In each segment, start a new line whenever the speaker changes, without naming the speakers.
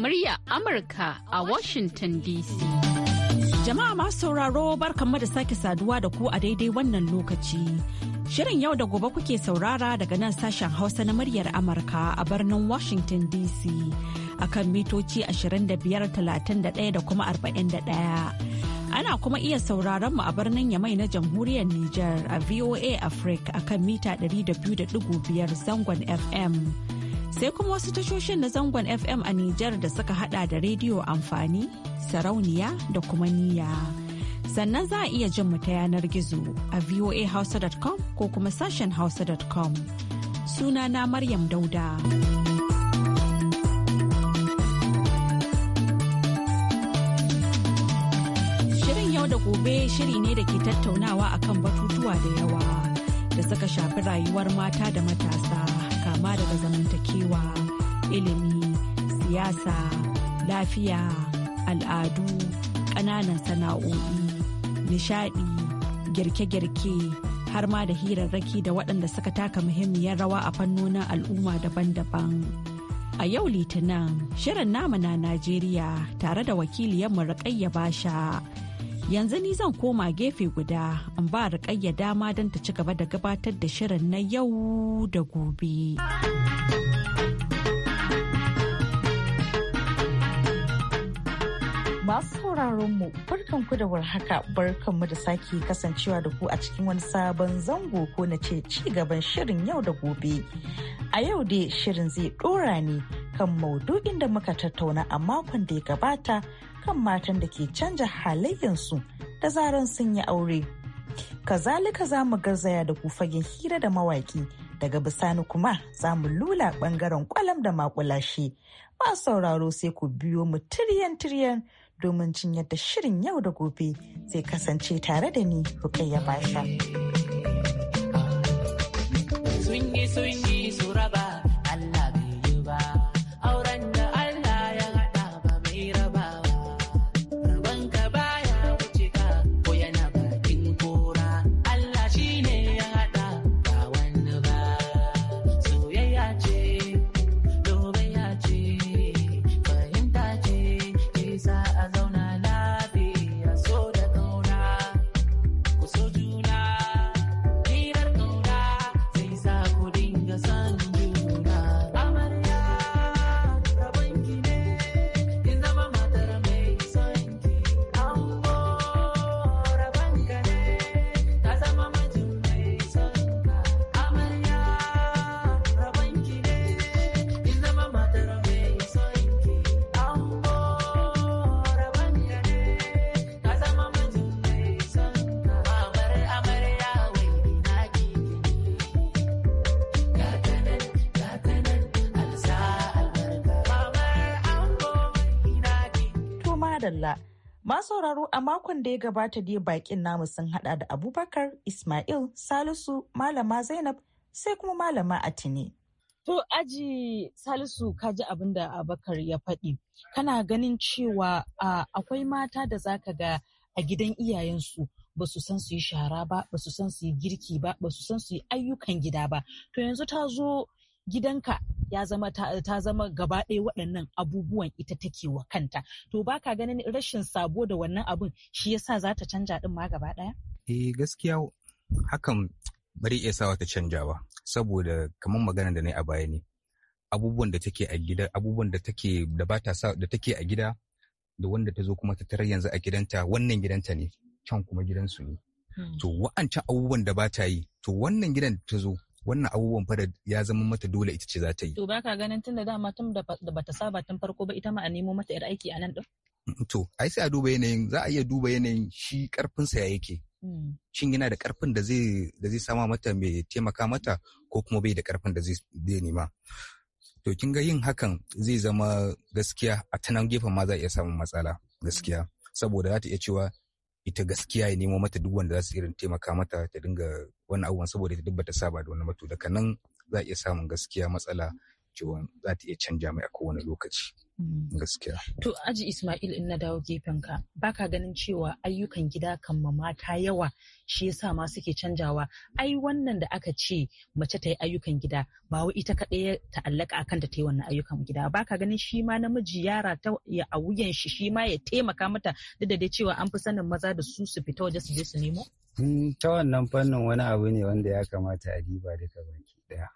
murya Amurka a Washington DC. Jama'a masu sauraro barkanmu da sake saduwa da ku a daidai wannan lokaci. Shirin yau da gobe kuke saurara daga nan sashen Hausa na muryar Amurka a birnin Washington DC akan mitoci 25,31 da kuma 41. Ana kuma iya sauraron mu a birnin Yamai na Jamhuriyar Nijar a VOA Africa akan mita 200.5 zangon FM. sai kuma wasu tashoshin na zangon fm a Nijar da suka hada da rediyo amfani sarauniya da kuma niyya sannan za a iya jin mu ta yanar gizo a voahausa.com ko kuma sashen hausa.com na maryam dauda shirin yau da gobe shiri ne da ke tattaunawa akan batutuwa da yawa da suka shafi rayuwar mata da matasa kama daga zamantakewa ilimi siyasa lafiya al'adu ƙananan sana'o'i nishadi girke-girke har ma da hirarraki da waɗanda suka taka muhimmiyar rawa a fannonin al'umma daban-daban. A yau Litinin, shirin nama na Najeriya tare da wakiliyar Murƙayya Basha yanzu ni zan koma gefe guda in ba rikayya dama don ta ci gaba da gabatar da shirin na yau da gobe.
Masu sauraron mu barkan ku da warhaka barkan mu da sake kasancewa da ku a cikin wani sabon zango ko na ce ci gaban shirin yau da gobe. A yau dai shirin zai dora ne kan maudu'in da muka tattauna a makon da ya gabata kan matan da ke canja halayyarsu da zaran sun yi aure. Kazalika za mu garzaya da ku fagen hira da mawaki daga bisani kuma za mu lula bangaren kwalam da makulashe. Ba sauraro sai ku biyo mu tiryan-tiryan domin jin yadda shirin yau da gobe zai kasance tare da ni Rukayya Basha. Swingy, suraba. sauraro a makon da ya gabata dai bakin namu sun hada da Abubakar, Ismail, Salisu, Malama Zainab sai kuma Malama Atini. To aji Salisu ka ji abin da Abubakar ya faɗi. Kana ganin cewa akwai mata da zaka ga a gidan iyayensu ba su san su yi shara ba, ba su san su yi girki ba, ba su san su yi ayyukan gida ba. To yanzu ta zo gidanka ya zama ta, ta zama gaba ɗaya waɗannan abubuwan ita take wa kanta to baka ganin rashin sabo da wannan abun shi yasa za ta canja din ma gaba ɗaya
eh gaskiya hakan bari iya sawa ta canja ba saboda kamar magana da na a baya ne abubuwan da take a gida abubuwan da take da ba ta sa da take a gida da wanda ta zo kuma ta tarar yanzu a gidanta wannan gidanta ne can kuma gidansu ne hmm. to wa'ancan abubuwan da ba ta yi to wannan gidan da ta zo wannan abubuwan fa ya zama mata dole ita ce za ta yi.
To baka ganin tun da dama tun da bata saba tun farko ba ita ma a nemo mata yar aiki a nan din?
Mm, to ai sai a duba yanayin za a iya duba yanayin shi sa ya yake. Hmm. Shin yana da karfin da zai da zai sama mata mai taimaka mata ko kuma bai da karfin da zai nema. To kin ga yin hakan zai zama gaskiya a tanan gefen ma za a iya samun matsala gaskiya. Saboda za ta iya cewa ita gaskiya ya nemo mata duk wanda za su irin taimaka mata ta dinga wani abubuwan saboda ita duk bata saba da wani matu daga nan za a iya samun gaskiya matsala cewa za ta iya canja mai a kowane lokaci. Mm. gaskiya.
To Aji Ismail in na dawo gefen ka baka ganin cewa ayyukan gida kan mata yawa shi yasa ma suke canjawa ai wannan da aka ce mace ta yi ayyukan gida ba wai ita kaɗai ya ta'allaka akan ta ta yi wannan ayyukan gida baka ganin shi ma namiji yara ta ya a wuyan shi shi ma ya taimaka mata duk da dai cewa an fi sanin maza da su su fita waje su je su nemo.
Mm, ta wannan fannin wani abu ne wanda ya kamata a diba duka baki daya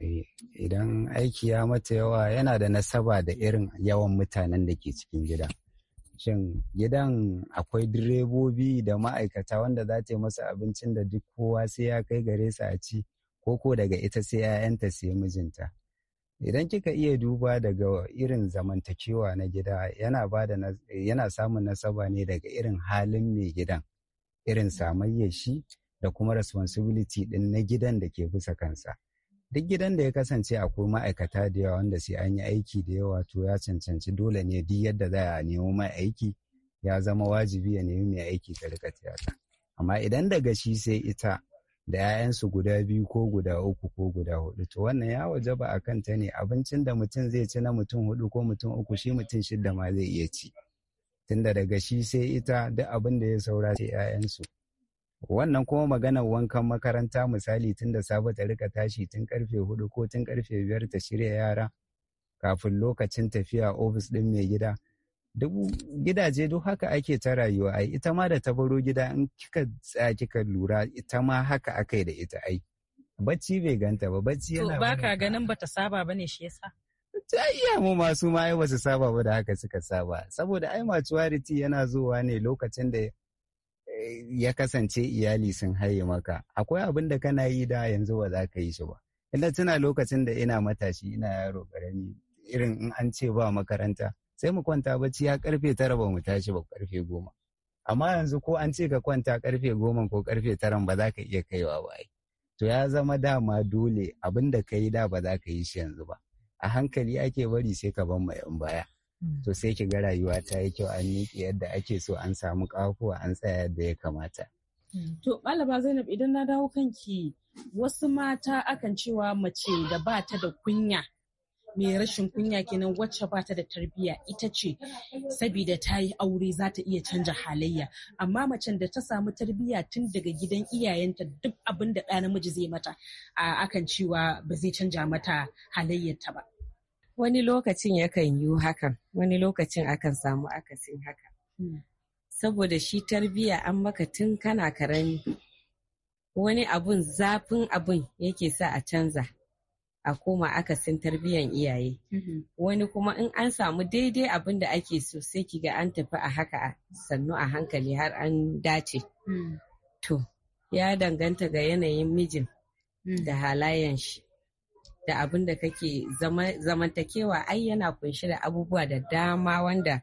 Eh, idan aiki ya mata yawa yana da nasaba da irin yawan mutanen da ke cikin gida. Shin gidan akwai direbobi da ma'aikata wanda za ta yi masa abincin da duk kowa sai ya kai gare su a ci ko ko daga ita sai 'ya'yanta sai mijinta. Idan kika iya duba daga irin zamantakewa na gida yana bada yana samun nasaba ne daga irin halin mai gidan, irin samayyar shi da kuma responsibility din na gidan da ke bisa kansa. duk gidan da ya kasance akwai ma'aikata da yawa wanda sai an yi aiki da yawa to ya cancanci dole ne duk yadda za a nemo mai aiki ya zama wajibi ya nemi mai aiki ta rika tiyata amma idan daga shi sai ita da 'ya'yansu guda biyu ko guda uku ko guda hudu to wannan ya wajaba a kanta ne abincin da mutum zai ci na mutum hudu ko mutum uku shi mutum shidda ma zai iya ci tunda daga shi sai ita duk abin da ya saura sai 'ya'yansu wannan kuma maganar wankan makaranta misali tun da safe ta rika tashi tun karfe hudu ko tun karfe biyar ta shirya yara kafin lokacin tafiya ofis din mai gida duk gidaje duk haka ake ta rayuwa ai ita ma da ta gida in kika tsaya kika lura ita ma haka aka yi da ita ai bacci bai ganta ba bacci yana ba
ka ganin bata saba bane shi yasa
ta iya mu masu ma ai su saba ba da haka suka saba saboda ai maturity yana zuwa ne lokacin da Eh, ya kasance iyali sun haye maka akwai abin da kana yi da yanzu ba za ka yi shi ba ina tuna lokacin da ina matashi ina yaro karami irin in an ce ba makaranta sai mu kwanta bacci ya karfe tara ba mu tashi ba karfe goma amma yanzu ko an ce ka kwanta karfe goma ko karfe taran ba za ka iya kaiwa ba to ya zama dama dole abin da ka yi da ba za ka yi shi yanzu ba a hankali ake bari sai ka ban mai baya to mm. sai ki ga rayuwa ta yi kyau an miƙe yadda ake so an samu ƙafuwa an tsaya da ya kamata.
Mm. To Malama Zainab idan na dawo kanki wasu mata akan cewa mace da ba ta da kunya mai rashin kunya kenan wacce ba ta da tarbiyya ita ce saboda ta yi aure za ta iya canja halayya amma macen da ta samu tarbiyya tun daga gidan iyayenta duk abin da ɗa namiji zai mata akan cewa ba zai canja mata halayyarta ba.
wani lokacin yakan yi hakan wani lokacin akan samu
akasin haka hmm.
saboda shi tarbiya an maka tun kana karami wani abun zafin abun yake sa a canza a koma akasin tarbiyan iyaye mm-hmm. wani kuma in an samu daidai abin da ake so sai kiga an tafi a haka sannu a hankali har an dace hmm. to ya danganta ga yanayin mijin hmm. da halayen shi da abin da kake zamantakewa ai yana kunshi da abubuwa da dama wanda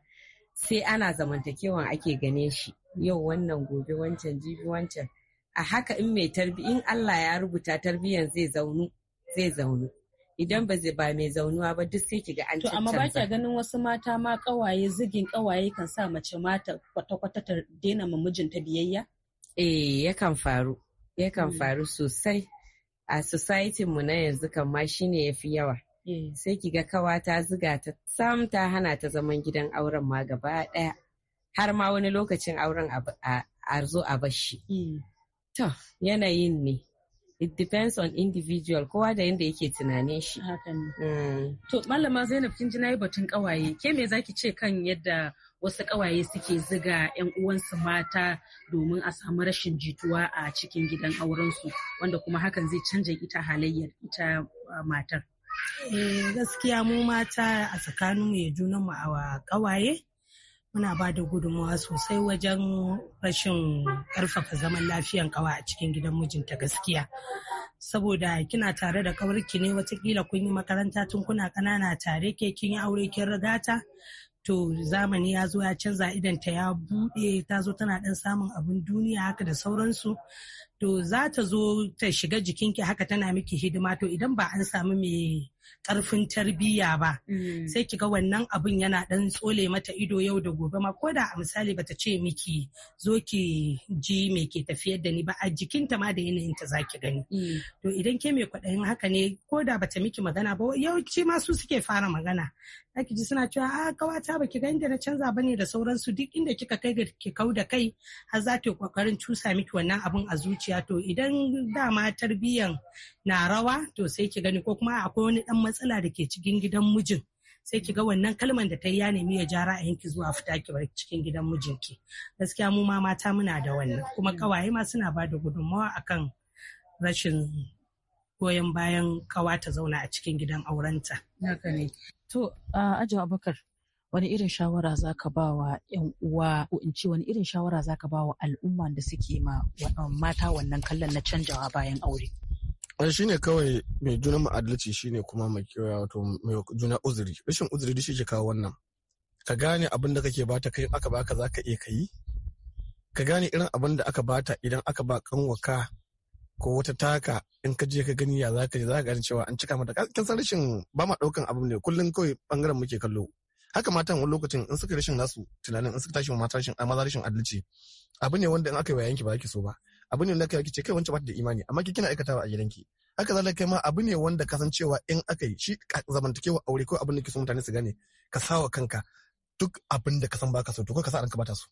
sai ana zamantakewan ake gane shi yau wannan gobe wancan jibi wancan a haka in mai tarbi in Allah ya rubuta tarbiyyar zai zaunu zai zaunu idan ba zai ba mai zaunuwa ba duk sai kiga an to amma ba kya
ganin wasu mata ma kawaye zigin kawaye kan sa mace mata kwata-kwata ta daina ma mijinta biyayya
eh yakan faru yakan hmm. faru sosai a society mu na yanzu kan ma shine yafi yawa. Eh. Sai ki ga kawa ta zuga ta sam ta hana ta zaman gidan auren ma gaba ɗaya. Har ma wani lokacin auren a zo a bashi. Eh. To, yanayin ne. it depends on individual kowa da yanda yake tunanin shi mm.
to malama zainab kin ji nayi batun kawaye ke me zaki ce kan yadda wasu kawaye suke ziga yan uwansu mata domin a samu rashin jituwa a cikin gidan aurensu wanda kuma hakan zai canja ita halayyar ita matar eh, gaskiya mu mata a tsakaninmu ya junanmu a kawaye muna ba da gudunmawa sosai wajen rashin karfafa zaman lafiyan kawa a cikin gidan mijinta gaskiya saboda kina tare da kawarki ne watakila kun yi makaranta tun kuna kanana tare ke kin yi aure kin rigata to zamani ya zo ya canza idan ta ya bude ta zo tana dan samun abin duniya haka da sauransu to za ta zo ta shiga jikinki haka tana miki hidima to idan ba an samu mai karfin tarbiyya ba mm. sai kiga wannan abun yana dan tsole mata ido yau da gobe ma ko da a misali bata ce miki zo ki ji me ke tafiyar da ni ba a jikinta ma da yanayin ta zaki gani mm. to idan ke mai kwaɗayin haka ne ko da bata miki magana ba yawanci ma su suke fara magana zaki ji suna cewa a ah, kawata baki ga inda na canza ba ne da sauransu duk inda kika kai ki kau da kai har za ta yi kokarin cusa miki wannan abun a zuciya zuciya to idan dama tarbiyyan na rawa to sai ki gani ko kuma akwai wani dan matsala da ke cikin gidan mijin sai ki ga wannan kalman da ta yi ya nemi ya jara a yanki zuwa fita ki bar cikin gidan mijinki gaskiya mu ma mata muna da wannan kuma kawaye ma suna ba da gudunmawa akan rashin goyon bayan kawa ta zauna a cikin gidan aurenta. Na gani. To, Ajo Abubakar, wani irin shawara za ka ba wa yan uwa ko in ce wani irin shawara za ka ba wa al'umma da suke ma mata wannan kallon na canjawa bayan aure
Wani shi ne kawai mai juna ma'adalci ne kuma mai wato mai juna uzuri rashin uzuri shi ke kawo wannan ka gane abin da kake bata kai aka baka za ka iya kai ka gane irin abin da aka bata idan aka ba kanwaka ko wata taka in ka je ka gani ya zaka je zaka gani cewa an cika mata kin san rashin ba ma daukan abin ne kullun kawai bangaren muke kallo haka matan wani lokacin in suka rashin nasu tunanin in suka tashi mata rashin amma rashin adalci abu ne wanda in aka yi wa yanki ba ki so ba abu ne wanda kai ce kai wancan ba da imani amma ki kina aikatawa a gidanki haka zalika kai ma abu ne wanda kasancewa in aka yi shi zamantakewa aure ko abin da ke so mutane su gane ka sawa kanka duk abin da ka san baka so to ka sa ranka bata so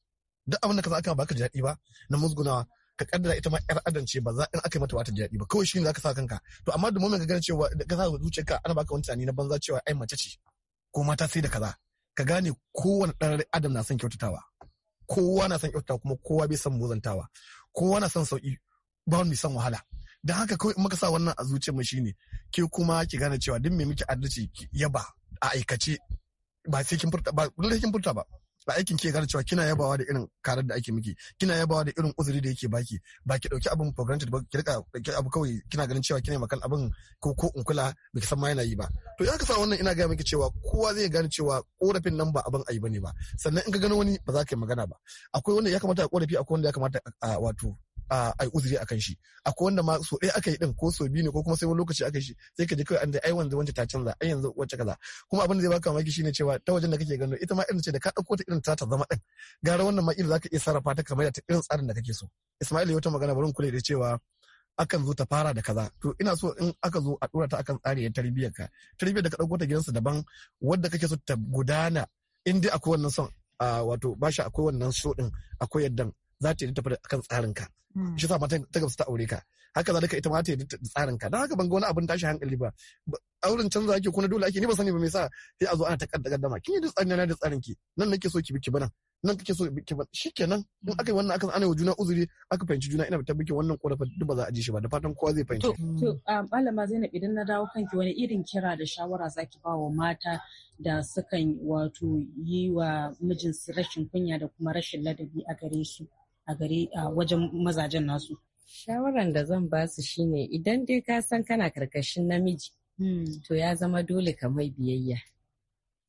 duk abin da ka san aka baka daɗi ba na musgunawa ka kaddara ita ma yar adance ba za in aka yi mata wata jadi ba kawai shi ne zaka sa kanka to amma da mumin ka gane cewa ka sa zuciyarka ana baka wani tunani na banza cewa ai mace ce ko mata sai da kaza ka gane kowane ɗan adam na son kyautatawa kowa na son kyautatawa kuma kowa bai son muzantawa kowa na son sauki ba wani son wahala don haka kawai muka sa wannan a zuciyar mu shine ke kuma ki gane cewa duk mai miki adalci yaba a aikace ba sai kin furta ba dole kin furta ba a aikin ke gane cewa kina yabawa da irin karar da ake miki kina yabawa da irin uzuri da yake baki ba ki dauki abin for granted ba ki rika dauki abu kawai kina ganin cewa kina makan abin ko ko in kula ki san ma yana yi ba to in ka sa wannan ina ga miki cewa kowa zai gane cewa korafin nan ba abin ayi bane ba sannan in ka gano wani ba za ka yi magana ba akwai wanda ya kamata a korafi akwai wanda ya kamata a wato ai uzuri akan shi akwai wanda ma so ɗaya aka yi din ko so biyu ne ko kuma sai wani lokaci aka yi shi sai ka ji kawai an da ai wanda ta canza ai yanzu wacce kaza kuma abin da zai baka mamaki shine cewa ta wajen da kake gano ita ma irin ce da ka ɗauko ta irin ta ta zama din gara wannan ma irin zaka iya sarrafa ta kamar da irin tsarin da kake so Ismail ya wata magana barin kula da cewa akan zo ta fara da kaza to ina so in aka zo a dora ta akan tsari ya tarbiyyar ka tarbiyyar da ka ɗauko ta gidansa daban wanda kake so ta gudana in dai akwai wannan son wato shi akwai wannan so din akwai yaddan za ta yi tafi kan tsarin ka hmm. shi sa matan ta gamsu ta aure ka haka zalika ita ma ta yi tsarin ka Na haka ban ga wani abin tashi hankali ba auren canza ake kuna dole ake ni ba sani ba me yasa sai a zo ana ta ma. kin yi duk tsarin na da tsarin ki nan nake so ki biki bana nan kake so ki ba shikenan in aka yi wannan aka ana wa juna uzuri aka fahimci juna ina ta biki wannan korafin duk ba za a ji shi ba da fatan kowa zai fahimci to
malama Zainab idan na dawo kanki wani irin kira da shawara zaki ba wa mata da sukan wato yi wa mijinsu rashin kunya da kuma rashin ladabi a gare su a gari a wajen mazajen nasu shawaran da
zan ba su shine idan dai ka san kana karkashin namiji hmm. to ya zama dole ka mai biyayya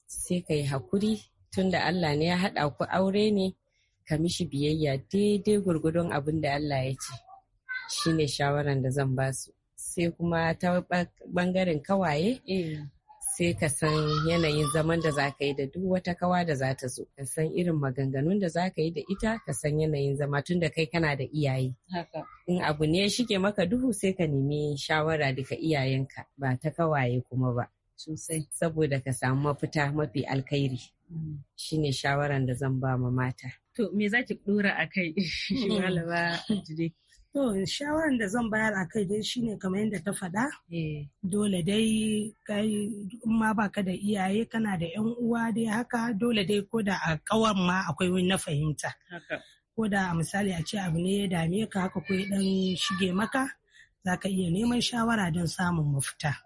sai ka yi hakuri tun da Allah ne ya haɗa ku aure ne ka mishi biyayya daidai gwargwadon abin da Allah ya ce shine shawaran da zan ba su sai kuma ta bangaren kawaye eh. sai ka san yanayin zaman da za ka yi da duk wata kawa da za ta zo ka san irin maganganun da za ka yi da ita ka san yanayin zama tun da kai kana da iyaye in abu ne shige maka duhu sai ka nemi shawara daga iyayenka ba ta kawaye kuma ba sosai saboda ka samu mafita mafi alkhairi mm. shine shawaran da zan ba ma mata
to me za ki dora a kai malama To, shawaran da zan bayar a kai dai shine kamar yadda ta faɗa. Eh. Dole dai kai ma baka da iyaye kana da yan uwa dai haka dole dai ko da a ƙawar ma akwai wani na fahimta. Ko da a misali a ce abu ne ya dame ka haka ko ya dan shige maka za ka iya neman shawara don samun mafita.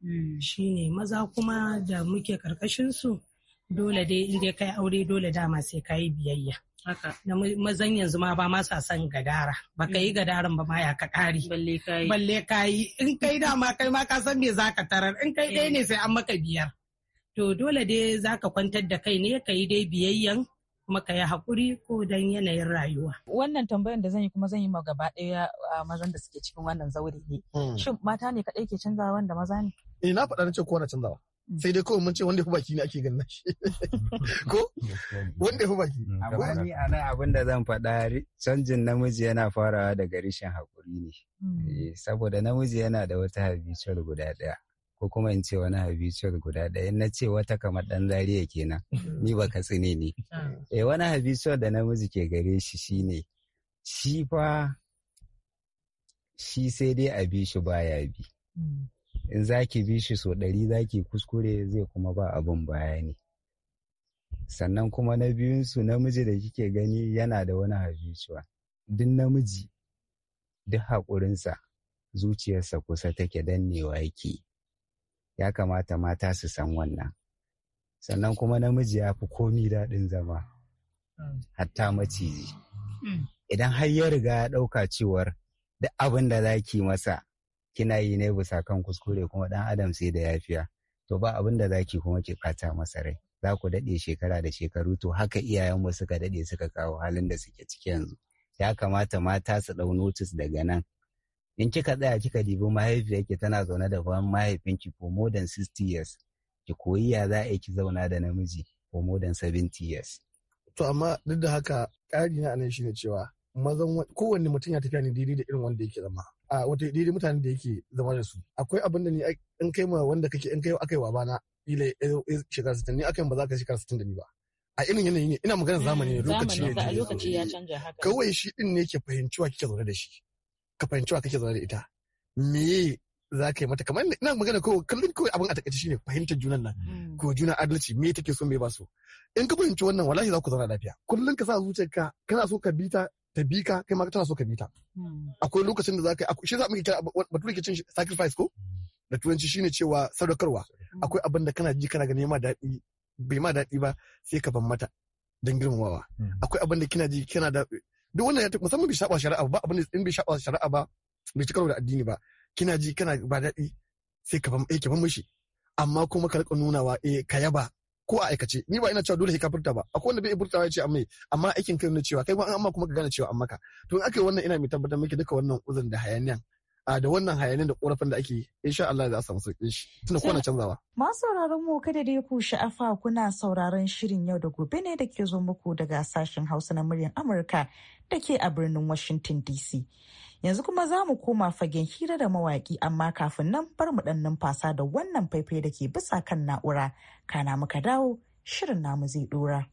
Hmm. Shine maza kuma da muke karkashin su dole dai in dai kai aure dole dama sai ka yi biyayya. haka na mazan yanzu ma ba ma sa son gadara ba ka yi mm. gadaran ba ma ya ka kari balle kai balle kai in kai ma kai ma ka san me zaka tarar in kai ɗaya eh. ne sai an maka biyar to dole dai zaka kwantar da kai ne ka yi dai biyayyan kuma ka yi hakuri ko don yanayin rayuwa. Wannan tambayan da zan yi kuma zan yi ma gaba ɗaya mazan da suke
cikin wannan zaure ne. Hmm. Shin
mata ne kaɗai ke canzawa wanda maza ne?
Eh na faɗa na ce ko na canzawa. sai dai kawai mun ce wanda ya fi baki ne ake ganin shi ko wanda ya fi baki mm. amma ni
a nan abin da zan faɗa canjin namiji yana farawa daga rishin haƙuri ne mm. eh, saboda namiji yana da wata habitual guda ɗaya ko kuma in ce wani habitual guda ɗaya na ce wata kamar ɗan zariya kenan ni ba tsine ne mm. eh wani habitual da namiji ke gare shi shine shi fa shi sai dai a bi shi baya bi in za ki bi shi so ɗari za ki kuskure zai kuma ba abin bayani sannan kuma na biyunsu namiji da kike gani yana da wani habituwa duk namiji duk haƙurinsa zuciyarsa kusa take dannewa yake ya kamata mata su san wannan sannan kuma namiji ya fi komi daɗin zama hatta maciji mm. idan har ya riga ya ɗauka cewar duk abin da za ki masa kina yi ne bisa kan kuskure kuma dan adam sai da yafiya to ba abin da zaki kuma ki bata masa rai za ku daɗe shekara da shekaru to haka iyayenmu suka daɗe suka kawo halin da suke ciki yanzu ya kamata mata su ɗau notis daga nan in kika tsaya kika dibi ki tana zaune da bayan mahaifinki for more than 60 years ki koyi ya za a ki zauna da namiji for more than 70 years to amma duk
da haka ƙari na anan shine cewa mazan kowanne mutum ya tafiya ne daidai da irin wanda yake zama a wata daidai mutane da yake zama da su akwai abin da ni in kai ma wanda kake in kai akai wa bana ila shekara 60 ni akan ba za ka shekara 60 da ni ba a irin yanayi ne ina magana zamani ne hmm, lokaci ne ya canja haka kawai shi din ne ke fahimciwa kike zaune da shi ka fahimciwa kake zaune da ita me za ka yi mata kamar ina magana ko kallon kawai abin a takaice shine fahimtar junan nan hmm. ko juna adalci me take so me ba so in ka fahimci wannan wallahi za ku zauna lafiya kullum ka sa zuciyarka kana so ka bi ta ta bi ka kai ma tana so ka bi ta hmm. akwai lokacin da za shi za mu kira da ke cin sacrifice ko da turanci shine cewa sadaukarwa hmm. akwai abin da kana ji kana ganin ma daɗi bai ma daɗi ba sai ka ban mata dan girmamawa hmm. akwai abin da kina ji kana da duk wannan ya musamman bai shaba shari'a ba abin da in bai shaba shari'a ba bai cika da addini ba kina ji kana ba daɗi sai ka ban eh ka ban mishi amma kuma ka rika nunawa eh ka yaba ko a aikace ni ba ina cewa dole sai ka furta ba akwai wanda bai furta ya ce amma amma aikin kai ne cewa kai an amma kuma ka gane cewa amma ka to in aka wannan ina mai tabbatar miki duka wannan uzun da hayaniyan a da wannan hayanin da korafin da ake insha Allah za a samu sauƙin shi tunda na canzawa.
Ma sauraron mu kada dai ku sha'afa kuna sauraron shirin yau da gobe ne da ke zo muku daga sashen Hausa na muryar Amurka da ke a birnin Washington DC. Yanzu kuma za mu koma fagen hira da mawaƙi amma kafin nan bar mu ɗan numfasa da wannan faifai da ke bisa kan na'ura. Kana muka dawo shirin namu zai ɗora.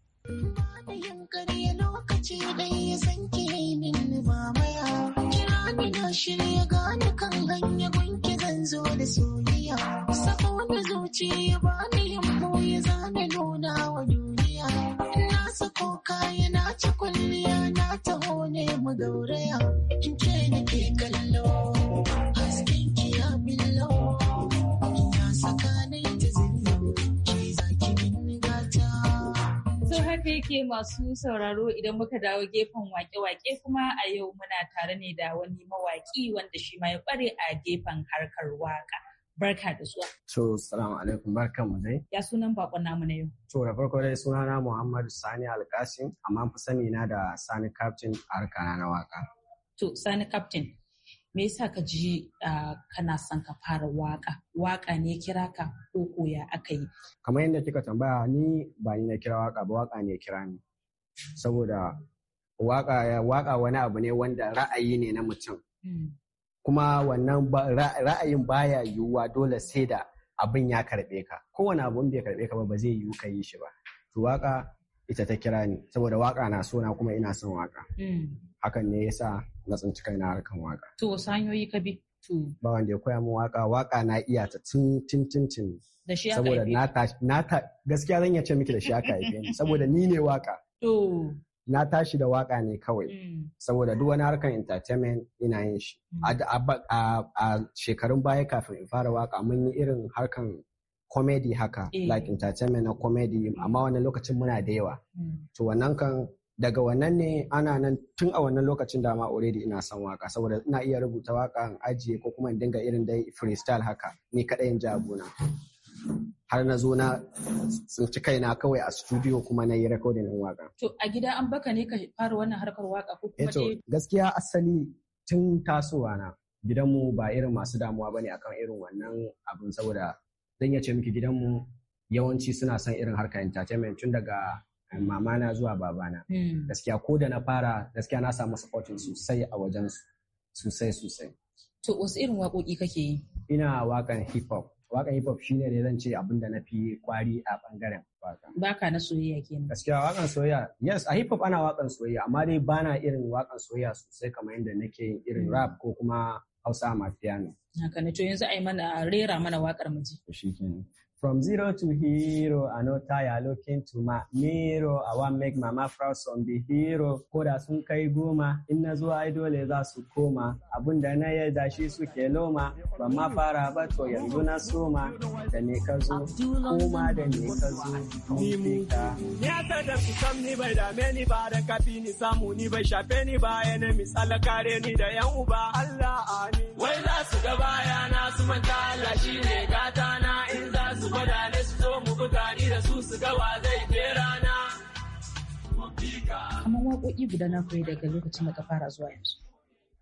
da Sako da zuciya ba ni yammo ya zane nuna wa duniya. masu sauraro idan muka dawo gefen wake-wake kuma a yau muna tare ne da wani mawaki wanda shi ma ya kware a gefen harkar waka. Barka da zuwa.
So, salamu alaikum, barkan mu dai.
Ya sunan bakon namu na yau.
To, da farko dai sunana Muhammadu Sani Alkasim, amma fi sani na da Sani Captain a harkar na waka.
To, Sani Captain, me yasa ka ji kana son ka fara waka waka ne kira ka ko koya aka
yi kamar yadda kika tambaya ni ba ni na kira waka ba waka ne kira ni saboda waka waka wani abu ne wanda ra'ayi ne na mutum hmm. kuma wannan ra'ayin baya yiwuwa dole sai da abin ya karbe ka kowane abun bai karbe ka ba ba zai yiwu ka yi shi ba to waka ita ta kira ni saboda waka na so na kuma ina son waka hmm. hakan ne yasa na tsinci kaina harkan waka
to sanyoyi
ka bi ba wanda ya koya min waka waka na iya ta tun tun tun tun saboda na ta na ta gaskiya zan iya ce miki da shi aka haife ni saboda ni ne waka to na tashi da waka ne kawai hmm. saboda duk wani harkan entertainment ina yin shi hmm. a shekarun baya kafin in fara waka mun yi irin harkan comedy haka mm. like entertainment na comedy mm. amma wannan lokacin muna da yawa mm. to wannan kan daga wannan ne ana nan tun a wannan lokacin dama already ina son waka saboda ina iya rubuta waka in ajiye ko kuma in dinga irin dai freestyle haka ni kadai in jagona har na zo na tsinci kaina kawai a studio kuma na yi recording din waka.
To a gida an baka ne ka fara wannan harkar waka ko kuma eh dai?
gaskiya asali tun tasowa na gidanmu ba irin masu damuwa bane akan irin wannan abin saboda zan iya ce miki gidanmu yawanci suna son irin harkar entertainment tun daga eh, mamana zuwa babana hmm. gaskiya ko da na fara gaskiya na samu supportin sosai a wajen sosai sosai to wasu irin waƙoƙi kake yi ina waƙan hip hop waƙan hip hop shine ne zan ce abin da na fi kwari a bangaren waka
baka na soyayya kenan gaskiya waƙan soyayya
yes a hip hop ana waƙan soyayya amma dai bana irin waƙan soyayya sosai kamar yadda nake irin hmm. rap ko kuma Hausa Amapiano.
Haka ne, to yanzu yi mana rera mana waƙar mu ji.
From zero to hero, I no tire looking to my mirror. I want make mama proud son be hero. Ko da sun kai goma, in na zo dole za su koma. Abun da na yarda shi suke loma, ba ma fara ba to yanzu na soma. Da ne ka zo, koma da ne ka zo, mun fi ka. da su sam ni bai dame ni ba, da kafi ni samu ni bai shafe ni ba, yana misala kare ni da yan uba Allah amin. Wai za su ga baya na su manta Allah shi ne gata na in za su su gwada ne
su
zo mu buga ni da su
su gawa zai
je rana.
Kaman waƙoƙi guda na koyi daga lokacin da ka fara zuwa yanzu.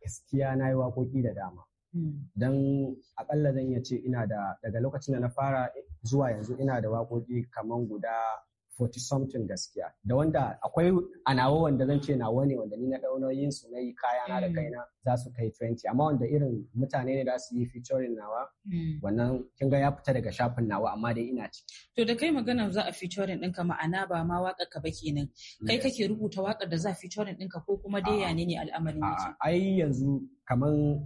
Gaskiya na yi waƙoƙi da dama. Hmm. Don akalla zan iya ce ina da daga lokacin da na fara zuwa yanzu ina da waƙoƙi kamar guda 40 something gaskiya da wanda akwai a wanda zan ce nawa ne wanda ni na ɗau yin su na yi kaya na da mm. kaina za su kai 20 amma wanda irin mutane ne za su yi featuring nawa mm. wannan kin ga ya fita daga shafin nawa amma dai ina ciki
to da kai magana za a featuring ɗinka ma'ana ba ma wakar ka ba kenan kai kake rubuta wakar da za featuring ɗinka ko kuma dai ya ne al'amarin
ai yanzu kaman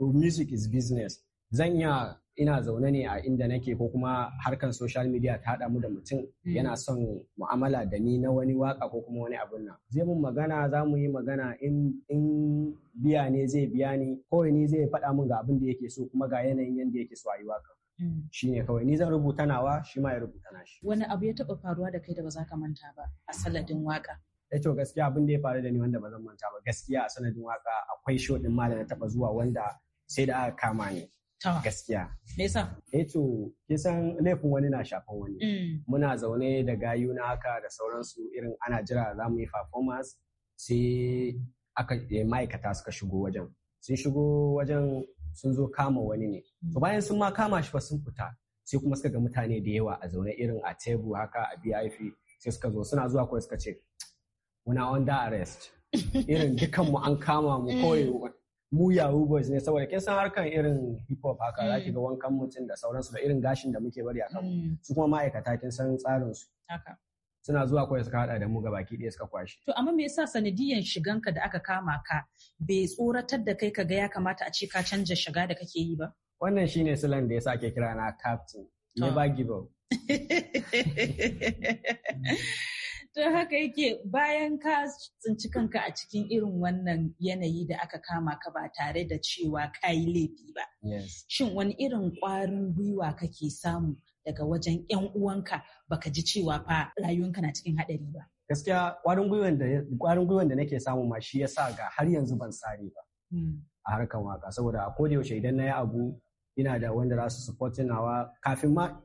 music is business zan iya ina zaune ne a inda nake ko kuma harkar social media ta haɗa mu da mutum mm. yana son mu'amala da ni na wani waka ko kuma wani abun nan zai mun magana za mu yi magana in biya ne zai biya ni kawai ni zai faɗa mun ga abin da yake so kuma ga yanayin yadda yake so a yi waka mm. shi ne kawai ni zan rubuta nawa shi ma ya rubuta na shi
wani abu ya taɓa faruwa da kai da ba za ka manta ba a
sanadin waka ya eh to gaskiya abin da ya faru da ni wanda ba zan manta ba gaskiya a sanadin waka akwai show din ma da na taɓa zuwa wanda sai da aka kama ni gaskiya me yasa eh to kisan laifin wani na shafan wani mm. muna zaune da gayu na haka da sauransu irin ana jira za mu yi performance sai aka eh, ma'aikata suka shigo wajen sun shigo wajen sun zo kama wani ne to bayan sun ma kama shi fa sun fita sai kuma suka ga mutane da yawa a zaune irin a tebu haka a BIP sai suka zo suna zuwa kawai suka ce muna wanda arrest irin dukanmu an kama mu kawai mu yahoo boys ne saboda kin san harkan irin hip hop haka mm. zaki ga wankan mutum da sauransu da irin gashin da muke bari a kan mm. su kuma ma'aikata kin san tsarin su suna zuwa kawai suka hada da mu gabaki ɗaya suka kwashe.
To amma me yasa sanadiyan shiganka da aka kama ka bai tsoratar da kai ka ga ya kamata a ce ka canja
shiga da kake yi ba? Wannan shine silan da yasa ake kira na captain. Never give up.
don haka yake bayan ka tsinci kanka a cikin irin wannan yanayi da aka kama ka ba tare da cewa ka yi laifi ba shin wani irin ƙwarin gwiwa kake samu daga wajen 'yan uwanka baka ji cewa fa rayuwanka na cikin haɗari ba
gaskiya ƙwarin gwiwan da nake samu ma shi yasa ga har yanzu ban sare ba hmm. a harkan waka saboda a koda yaushe idan na yi abu ina da wanda za su supportin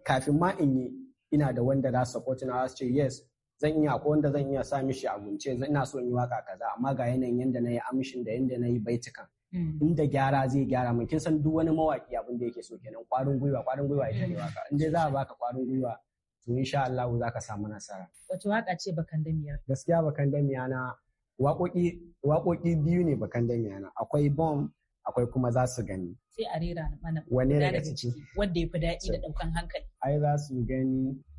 kafin ma in yi ina da wanda za su supportin su ce yes zan iya ko wanda zan iya sa mishi a gunce ina so in yi waka kaza amma ga yanayin yanda na yi amshin da yanda na yi baitukan hmm. inda gyara zai gyara mun kin san duk wani mawaki abin da yake so kenan kwarin gwiwa kwarin gwiwa ita ne waka in dai za a baka kwarin gwiwa to insha Allah za ka samu nasara
wace waka ce bakan damiya
gaskiya bakan damiya na waƙoƙi waƙoƙi biyu ne bakan damiya na akwai bomb akwai kuma za su gani.
Sai a rera mana wanne daga ciki wanda ya fi daɗi da ɗaukan hankali.
Ai za su gani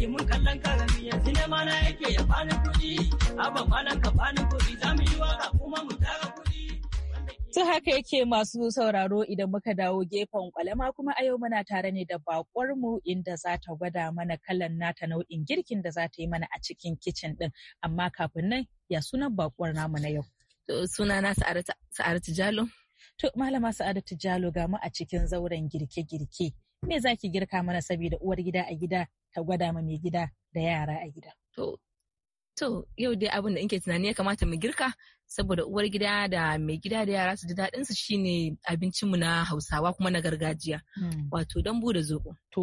yake mun kallon karami ya sinema na yake ya bani kuɗi abin malam ka bani kuɗi za mu yi waka kuma mu tara kuɗi. Ta haka yake masu sauraro idan muka dawo gefen kwalama kuma a yau muna tare ne da bakwar mu inda za ta gwada mana kallon nata nau'in girkin da za ta yi mana a cikin kicin din amma kafin nan ya sunan bakwar namu na yau. Sunana Sa'adatu Jalo. To malama Sa'adatu Jalo ga mu a cikin zauren girke-girke. Me za ki girka mana saboda uwar gida a gida Ta gwada ma mai gida da yara a gida. To, yau dai abin da ke
tunani ya kamata mu girka saboda uwar gida da mai gida da yara su ji daɗin su shine
abincinmu na Hausawa kuma na gargajiya. Hmm. Wato dambu da zoɓo. To,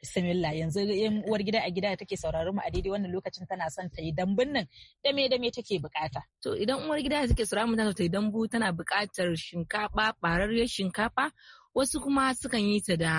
bismillah yanzu yan uwar gida a gida da take sauraron mu a daidai wannan lokacin tana son ta yi dambun nan da me da me
take bukata. To idan uwar gida take sauraron mu tana ta yi dambu tana bukatar shinkafa bararriyar shinkafa wasu kuma sukan yi ta da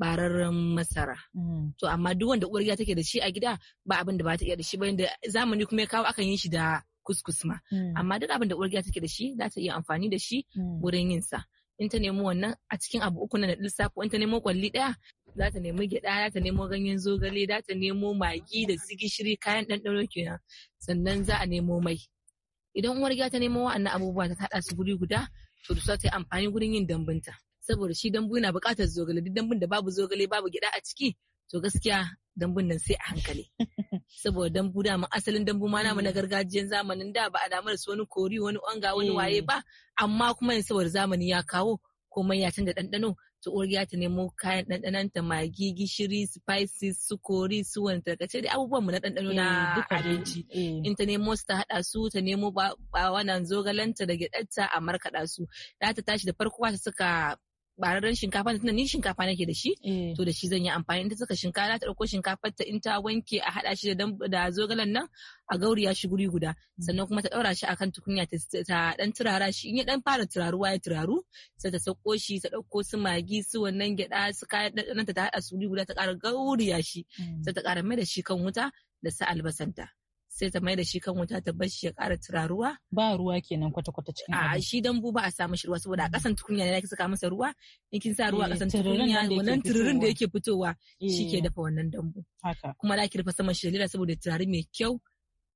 bararren masara. Mm. To amma duk wanda uwar gida take da shi a gida ba abin da ba ta iya da shi ba yanda zamani kuma ya kawo akan yin shi da kuskus ma. Mm. Amma duk abin da uwar take da shi za ta iya amfani da shi mm. wurin yin sa. In ta nemo wannan a cikin abu uku na ko in ta nemo kwalli ɗaya za ta nemi gyaɗa za ta nemo ganyen zogale za ta nemo magi da su gishiri kayan ɗanɗano kenan sannan za a nemo mai. Idan uwar gida ta nemo wa'annan abubuwa ta haɗa su guri guda to da ta yi amfani gurin yin dambanta. saboda shi dambu yana buƙatar zogale duk dambun da babu zogale babu gida a ciki to gaskiya dambun nan sai a hankali saboda dambu dama asalin dambu ma namu na gargajiyan zamanin da ba a damar su wani kori wani onga wani waye eh. ba amma kuma yin saboda zamani ya kawo komai ya canza ɗanɗano to uwar ta nemo kayan ɗanɗanan ta magi gishiri spices su kori su wani tarkace da abubuwan mu na ɗanɗano na eh, abinci eh. in ta nemo su ta haɗa su ta nemo ba wannan zogalanta da gyaɗarta a markaɗa su da ta tashi da farko ta suka bararren shinkafa tunda ni shinkafa nake da shi eh. to da shi zan yi amfani da ta saka shinkafa ta dauko shinkafa ta in ta wanke a hada shi da zogalen nan a gauri ya shi guri guda sannan kuma ta daura shi akan tukunya ta dan turara shi in ya dan fara turaruwa ya turaru sai ta sako shi ta dauko su magi su wannan gyada su kayan daddanan ta hada su guri guda ta kara gauriya shi mm. sai ta kara mai da shi kan wuta da sa albasanta sai ta mai da shi kan wuta ta bar shi ya ƙara ruwa. Ba ruwa kenan kwata-kwata cikin A shi dambu ba a samu shi ruwa saboda a mm. ƙasan tukunya ne saka masa ruwa in kin sa ruwa a eh, ƙasan tukunya wannan tururin da yake fitowa shi ke eh. dafa wannan dambu. Kuma da ki dafa saman shi saboda turare mai kyau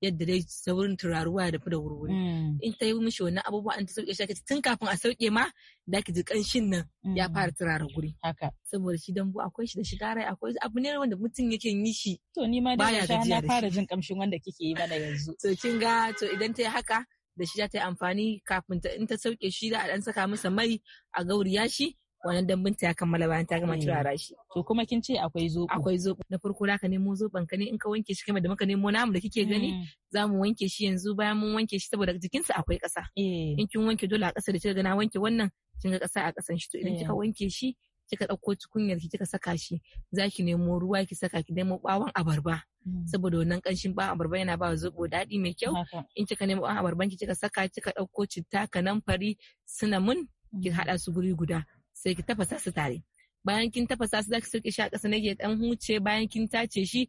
yadda dai saurin turaruwa da da wurwuri mm. in ta yi mishi wannan abubuwa an ta sauke shi tun kafin a sauke ma da ki ji kanshin nan ya mm. fara turara guri saboda shi dambu akwai shi da shiga rai akwai abu ne wanda mutum yake yi shi to ni ma da sha na fara jin kamshin wanda kike yi mana yanzu to kin ga to idan ta yi haka da shi za ta yi amfani kafin ta in ta sauke shi da a dan saka masa mai a gauriya shi wannan dambin ta ya kammala bayan ta gama turara shi to kuma kin ce akwai zoɓo. akwai zobo na farko ka nemo zoɓon ka ne in ka wanke shi kamar da muka nemo namu da kike gani mm. za mu wanke shi yanzu bayan mun wanke shi saboda jikinsa akwai ƙasa eh. in kin wanke dole a ƙasa da kika ga wanke wannan kin ga ƙasa a ƙasan shi to idan kika eh. wanke shi kika ɗauko tukunyar ki kika saka shi za ki nemo ruwa ki saka ki nemo ɓawon abarba mm. saboda wannan ƙanshin ɓawon abarba yana ba zobo daɗi mai kyau in kika nemo ɓawon abarban ki kika saka kika ɗauko citta kanamfari sinamun ki mm. haɗa su guri guda sai ki tafasa su tare bayan kin tafasa su zaki soke sha ƙasa nage ɗan huce bayan kin tace shi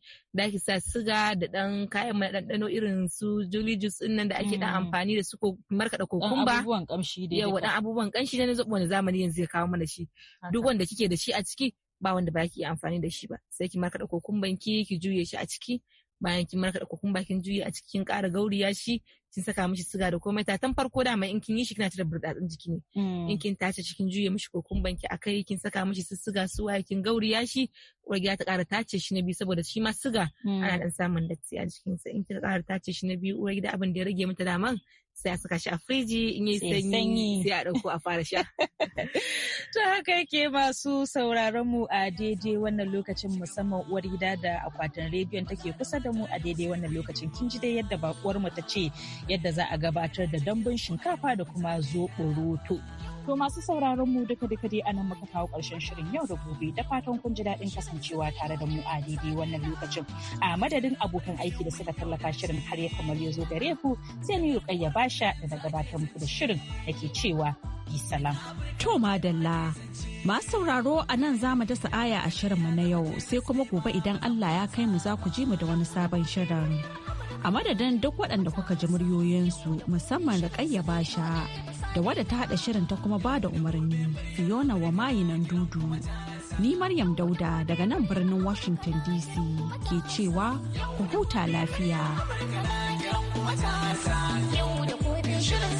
ki sa siga da dan kayan mai ɗanɗano irin su jolly juice nan da ake dan mm. amfani da su ko markaɗa kokumba abubuwan kamshi dai yawa dan abubuwan kamshi na zobo wani zamani yanzu ya kawo mana shi duk wanda kike da shi a ciki ba wanda ba ki amfani da shi ba sai ki markaɗa kokumban ki ki juye shi a ciki bayan kin markaɗa kun bakin juyi a cikin ƙara gauriya shi kin saka mishi siga da komai tatan farko dama in kin yi shi kina cire burɗaɗin jiki ne mm. in kin tace cikin juye mishi kun banki akai kin saka mishi siga su waye kin gauriya shi ya ta ƙara tace shi na biyu saboda shi ma siga mm. ana dan samun datti a jikinsa in kika ƙara tace shi na biyu uwar gida abin da ya
rage mata daman sai a saka shi a firiji in yi sanyi sai a ɗauko a fara sha. Ta haka yake masu sauraron mu a daidai wannan lokacin musamman uwar gida da akwatin rediyon take kusa da mu a daidai wannan lokacin kin ji dai yadda bakuwar mu ta ce yadda za a gabatar da dambun shinkafa da kuma zoɓo To masu sauraron mu duka duka dai anan muka kawo ƙarshen shirin yau da gobe da fatan kun ji daɗin kasancewa tare da mu a daidai wannan lokacin. A madadin abokan aiki da suka tallafa shirin har ya kamar ya zo gare ku sai ni Rukayya Basha da na gabatar muku da shirin da cewa bi salam.
To madalla masu sauraro a nan za mu dasa aya a shirinmu na yau sai kuma gobe idan Allah ya kai mu za ku ji mu da wani sabon shirin. A madadin duk waɗanda kuka ji muryoyinsu musamman da ƙayyaba sha da wadda ta haɗa shirin ta kuma bada umarni Fiona wa mayinan dudu. Ni Maryam Dauda daga nan birnin Washington DC ke cewa ku huta lafiya. Yau da